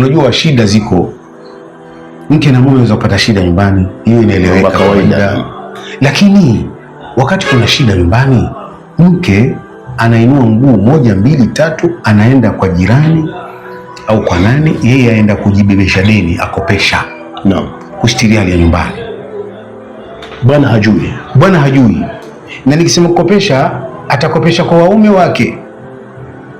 Unajua shida ziko, mke na mume anaweza kupata shida nyumbani, hiyo inaeleweka kawaida. Lakini wakati kuna shida nyumbani, mke anainua mguu moja mbili tatu, anaenda kwa jirani au kwa nani, yeye aenda kujibebesha deni, akopesha no. Kushtiri hali ya nyumbani, bwana hajui, bwana hajui. Na nikisema kukopesha, atakopesha kwa waume wake,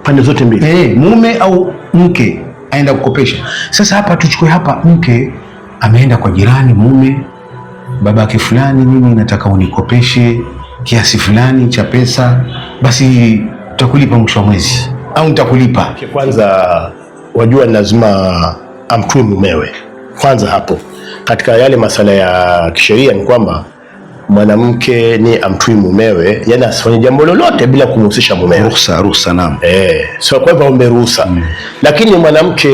pande zote mbili, eh, mume au mke aenda kukopesha. Sasa hapa tuchukue hapa, mke ameenda kwa jirani, mume babake fulani, mimi nataka unikopeshe kiasi fulani cha pesa, basi tutakulipa mwisho wa mwezi au nitakulipa kwanza. Wajua, lazima amtue mumewe kwanza. Hapo katika yale masala ya kisheria ni kwamba mwanamke ni amtui mumewe, yani asifanye jambo lolote bila kumhusisha mumewe. Ruhusa, ruhusa, naam. Eh, so kwa hivyo aombe ruhusa mm. Lakini mwanamke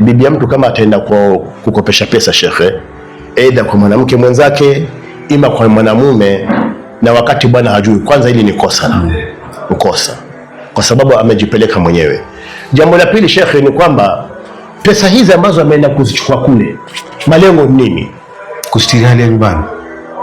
bibi ya mtu kama ataenda kukopesha pesa shekhe, aidha kwa mwanamke mwenzake, ima kwa mwanamume, na wakati bwana hajui, kwanza hili ni kosa mm. Ukosa kwa sababu amejipeleka mwenyewe. Jambo la pili shekhe ni kwamba pesa hizi ambazo ameenda kuzichukua kule, malengo ni nini? Kustiri hali ya nyumbani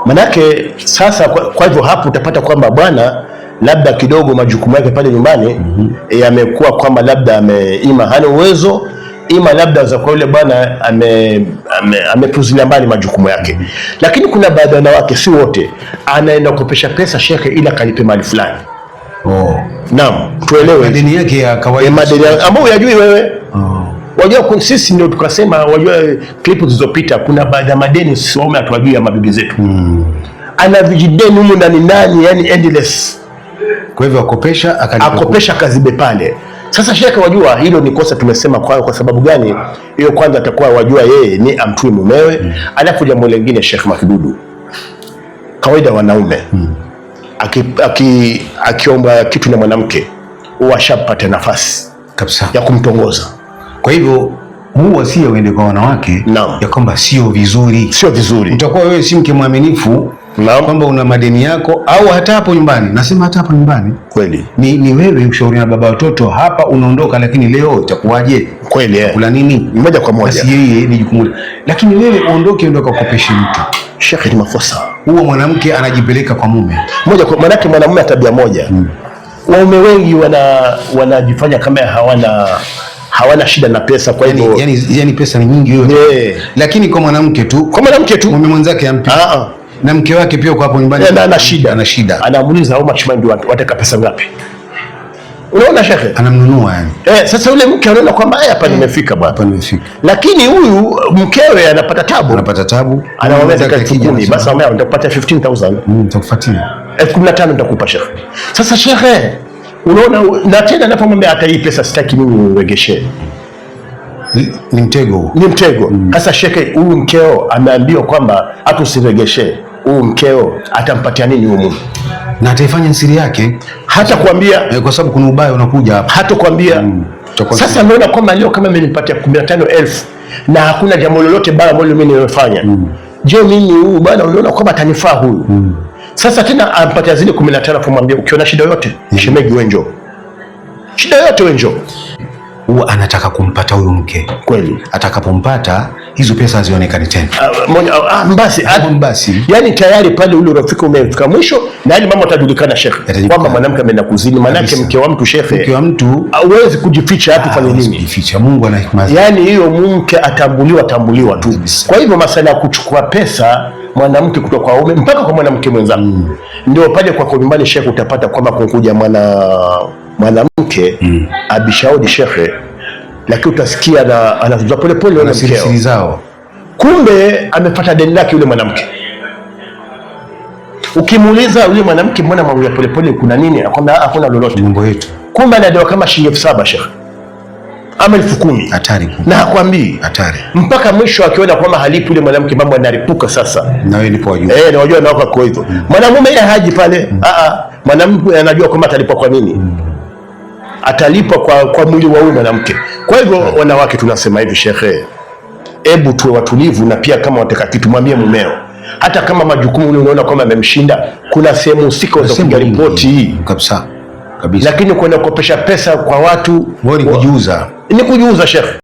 Manake sasa kwa, kwa hivyo hapo utapata kwamba bwana labda kidogo majukumu yake pale nyumbani mm -hmm. yamekuwa kwamba labda ameima hana uwezo ima labda za kwa yule bwana amepuzilia ame, ame mbali majukumu yake mm -hmm. Lakini kuna baadhi ya wanawake, si wote, anaenda kukopesha pesa shekhe, ila kalipe mali fulani. Oh. Naam, tuelewe madeni yake ya kawaida eh, ambayo yajui wewe Wajua sisi ndio tukasema, wajua eh, clip zilizopita, kuna baadhi ya madeni sisi waume hatuwajui ya mabibi zetu hmm. ana vijideni humu ndani ndani, yani endless. Kwa hivyo akopesha akakopesha kazibe pale. Sasa shekhe, wajua hilo ni kosa, tumesema kwa, kwa sababu gani hiyo? Kwanza atakuwa wajua yeye ni amtui mumewe hmm. alafu jambo lingine Sheikh Makidudu, kawaida wanaume hmm. akiomba aki, aki kitu na mwanamke huwa ashapata nafasi kabisa ya kumtongoza kwa hivyo huu wasia uende kwa wanawake no. ya kwamba sio vizuri, sio vizuri. Utakuwa wewe si mke mwaminifu no. kwamba una madeni yako au hata hapo nyumbani, nasema hata hapo nyumbani kweli ni, ni wewe ushauri na baba watoto hapa, unaondoka lakini leo itakuwaje? Kweli eh, kula nini? Moja kwa moja, basi yeye ni jukumu, lakini wewe uondoke, ondoka ukopeshe mtu. Shekhi, ni makosa huo. Mwanamke anajipeleka kwa mume moja kwa maana, mwanamume tabia moja hmm. waume wengi wanajifanya wana kama hawana hawana shida na pesa. Kwa hivyo yani, yani, yani pesa ni nyingi hiyo yeah. Lakini kwa mwanamke tu, kwa mwanamke tu, mume mwenzake ampi ah ah, na mke wake pia uko hapo nyumbani ana, ana shida, ana shida, anamuuliza how much money wataka pesa ngapi? Unaona shekhe, anamnunua yani eh. Sasa yule mke anaona kwamba haya, hapa eh, nimefika bwana, hapa nimefika, lakini huyu mkewe anapata tabu, anapata tabu, anaomba dakika 10 basi, anaomba nitakupata 15000 mimi nitakufuatia 15000 nitakupa shekhe. Sasa shekhe unaona. Na tena napomwambia hata hii pesa sitaki mimi uniregeshee, ni mtego, ni mtego. Mm. Sasa shekhe, huyu mkeo ameambiwa kwamba hata usiregeshee, huyu mkeo atampatia nini huyu mume? Na ataifanya siri yake, hata kuambia eh, kwa sababu kuna ubaya unakuja hapa, hata kuambia mm. Sasa ameona kwamba leo kama amenipatia 15000 na hakuna jambo lolote baya ambalo mimi nimefanya mm. Je, mimi huyu bwana unaona kwamba atanifaa huyu mm. Sasa tena ampatia ah, zile kumi na kumwambia ukiona shida yote hmm. shemegi, wewe njoo. Shida yote wewe njoo. Huwa anataka kumpata huyu mke kweli, atakapompata hizo pesa hazionekani tena. Ah, ah, ah, yani tayari pale ule urafiki umefika mwisho, na yale mama atajulikana shehe, kwamba mwanamke ameenda kuzini, manake mke wa mtu shehe, mke wa mtu hawezi kujificha hapo. Fanye nini kujificha? Mungu ana hikma, yani hiyo mke atambuliwa, atambuliwa tu. Kwa hivyo masala ya kuchukua pesa mwanamke kutoka kwa ume mpaka kwa mwanamke mwenza mm. ndio pale kwako nyumbani shehe utapata kwamba kukuja mwana mwanamke mm. abishaudi shehe lakini utasikia na anazungumza polepole na siri zao, kumbe amepata deni lake yule mwanamke. Ukimuuliza yule mwanamke, mbona mambo polepole kuna nini? Akwambia ah, hakuna lolote, mambo yetu. Kumbe anadaiwa kama shilingi elfu saba shekhe ama elfu kumi na hakwambii hatari mpaka mwisho, akiona kwamba halipi yule mwanamke, mambo yanaripuka sasa. Na wewe nipo wajua, eh, na wajua na wako hivyo mm. mwanamume, ila haji pale. a mm. a, ah, ah. Mwanamke anajua kwamba atalipwa kwa nini. Mm atalipwa kwa, kwa mwili wa huyu mwanamke. Kwa hivyo hmm. wanawake, tunasema hivi shekhe, hebu tuwe watulivu, na pia kama wataka kitu mwambie mumeo hata kama majukumu unaona kwamba amemshinda, kuna sehemu husika za kupiga ripoti hii kabisa kabisa, lakini kwenda kukopesha pesa kwa watu ni kujiuza, ni kujiuza shekhe.